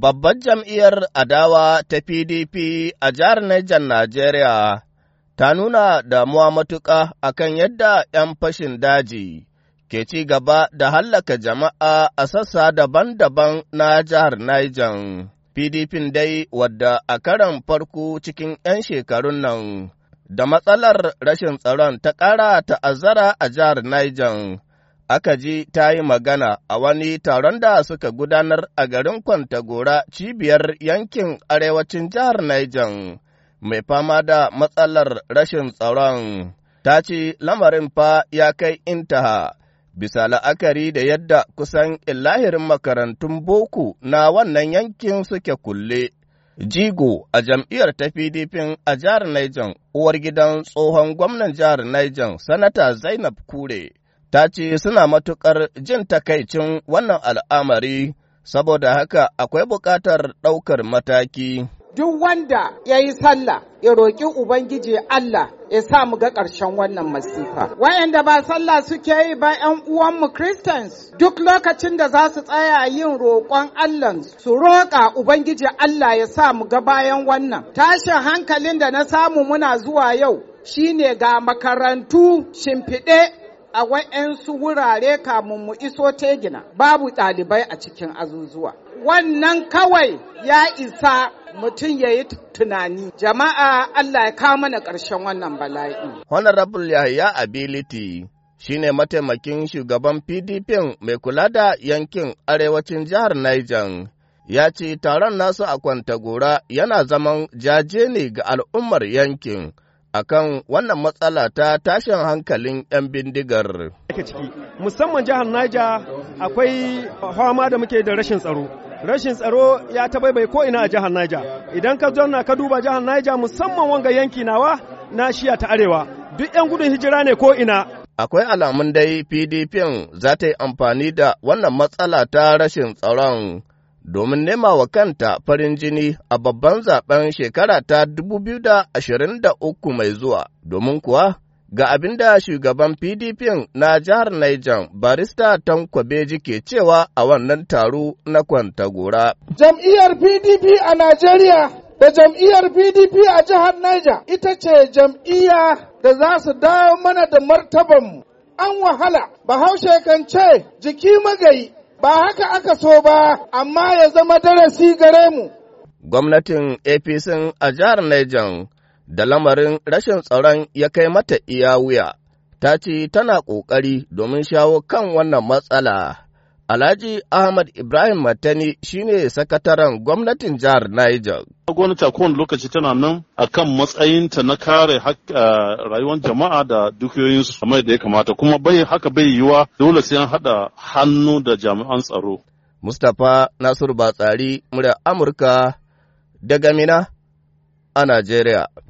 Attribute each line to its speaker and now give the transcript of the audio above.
Speaker 1: Babbar jam'iyyar adawa ta PDP a jihar Niger Najeriya ta nuna damuwa matuƙa akan yadda ‘yan fashin daji ke ci gaba da hallaka jama'a a sassa daban-daban na jihar Niger. PDP dai wadda a karan farko cikin ‘yan shekarun nan da matsalar rashin tsaron ta ƙara ta'azzara a jihar Niger. aka ji ta yi magana a wani taron da suka gudanar a garin Kwantagora cibiyar yankin arewacin jihar Niger mai fama da matsalar rashin tsaron. Ta ce lamarin fa ya kai intaha bisa la'akari da yadda kusan illahirin makarantun boko na wannan yankin suke kulle. Jigo a jam'iyyar ta PDP a jihar Niger, uwar gidan tsohon gwamnan jihar Niger, Sanata Zainab Kure. ta ce suna matuƙar jin takaicin wannan al'amari, saboda haka akwai buƙatar ɗaukar mataki.
Speaker 2: Duk wanda ya yi sallah ya roƙi Ubangiji Allah ya sa mu ga ƙarshen wannan masifa. Wayanda ba sallah suke yi ba ‘yan uwanmu Christians duk lokacin da za su tsaya yin roƙon Allah su roƙa Ubangiji Allah ya sa mu ga bayan wannan. Tashin hankalin da na samu muna zuwa yau shine ga makarantu shimfiɗe a wa'yansu wurare kamun mu iso tegina babu ɗalibai a cikin azuzuwa. Wannan kawai ya isa mutum ya yi tunani jama'a Allah ya kawo mana ƙarshen wannan bala'i.
Speaker 1: Honorable Yahya Ability shi ne mataimakin shugaban PDP mai kula da yankin arewacin jihar Niger. Ya ce taron nasu a Kwantagora yana zaman jaje ne ga al'ummar yankin. akan wannan matsala ta tashin hankalin 'yan bindigar. musamman jihar Naija akwai fama da muke da rashin tsaro. Rashin tsaro ya ta bai ko ina a jihar Naija. Idan ka zo ka duba jihar Naija musamman wanga yanki nawa na shiya ta arewa. Duk 'yan gudun hijira ne ko ina. Akwai alamun dai PDP za ta yi amfani da wannan matsala ta rashin tsaron domin nema wa kanta farin jini a babban zaben shekara ta 2023 mai zuwa, domin kuwa ga abin da shugaban PDP na jihar Niger barista Tanko Beji ke cewa a wannan taro na kwanta gora.
Speaker 2: Jam'iyyar PDP a Najeriya da jam'iyyar PDP a jihar Niger ita ce jam'iyya da za su dawo mana da martabanmu. An wahala, Bahaushe kan ce jiki magayi ba haka aka so ba amma ya zama darasi gare mu.
Speaker 1: Gwamnatin APC a jihar Niger da lamarin rashin tsaron ya kai mata iya wuya, ta ce tana ƙoƙari domin shawo kan wannan matsala. Alhaji Ahmad Ibrahim Matani shine sakataren gwamnatin jihar Niger. Gwamnati a kowane lokaci tana nan kan matsayinta na kare rayuwar jama'a da dukiyoyinsu kamar da ya kamata kuma bai haka bai yiwuwa, dole sai an haɗa hannu da jami'an tsaro. Mustapha Nasiru Batsari, murya Amurka daga Mina a Najeriya.